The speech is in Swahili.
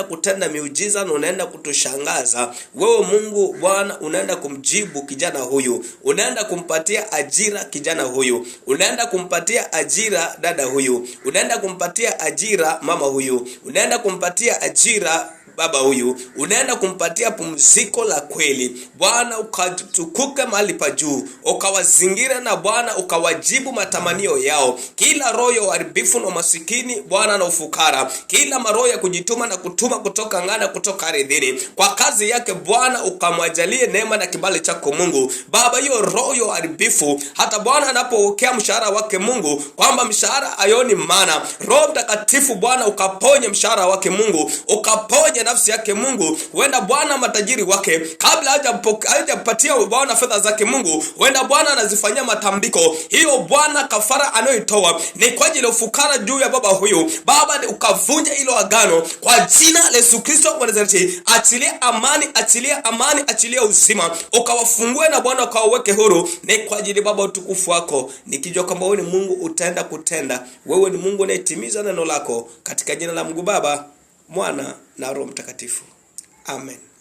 unaenda kutenda miujiza na unaenda kutushangaza. Wewe Mungu Bwana, unaenda kumjibu kijana huyu, unaenda kumpatia ajira kijana huyu, unaenda kumpatia ajira dada huyu, unaenda kumpatia ajira mama huyu, unaenda kumpatia ajira baba huyu, unaenda kumpatia pumziko la kweli Bwana, ukatukuke mahali pa juu, ukawazingira na Bwana ukawajibu matamanio yao, kila roho ya uharibifu na masikini Bwana na ufukara, kila maroho ya kujituma na kutuma kutoka ngana kutoka ardhini kwa kazi yake Bwana, ukamwajalie neema na kibali chako Mungu Baba, hiyo roho ya uharibifu hata Bwana anapopokea mshahara wake Mungu, kwamba mshahara ayoni mana, Roho Mtakatifu Bwana ukaponye mshahara wake Mungu ukaponye nafsi yake Mungu, huenda Bwana matajiri wake kabla hajapatia Bwana fedha zake Mungu, huenda Bwana anazifanyia matambiko. Hiyo Bwana kafara anayoitoa ni kwa ajili ya ufukara juu ya baba huyu. Baba, ukavunja ilo agano kwa jina la Yesu Kristo wa Nazareti. Achilia amani, achilia amani, achilia uzima, ukawafungue na Bwana ukawaweke huru. Ni kwa ajili Baba utukufu wako, nikijua kwamba wewe ni Mungu utaenda kutenda. Wewe ni Mungu unayetimiza neno lako, katika jina la Mungu Baba Mwana na Roho Mtakatifu. Amen.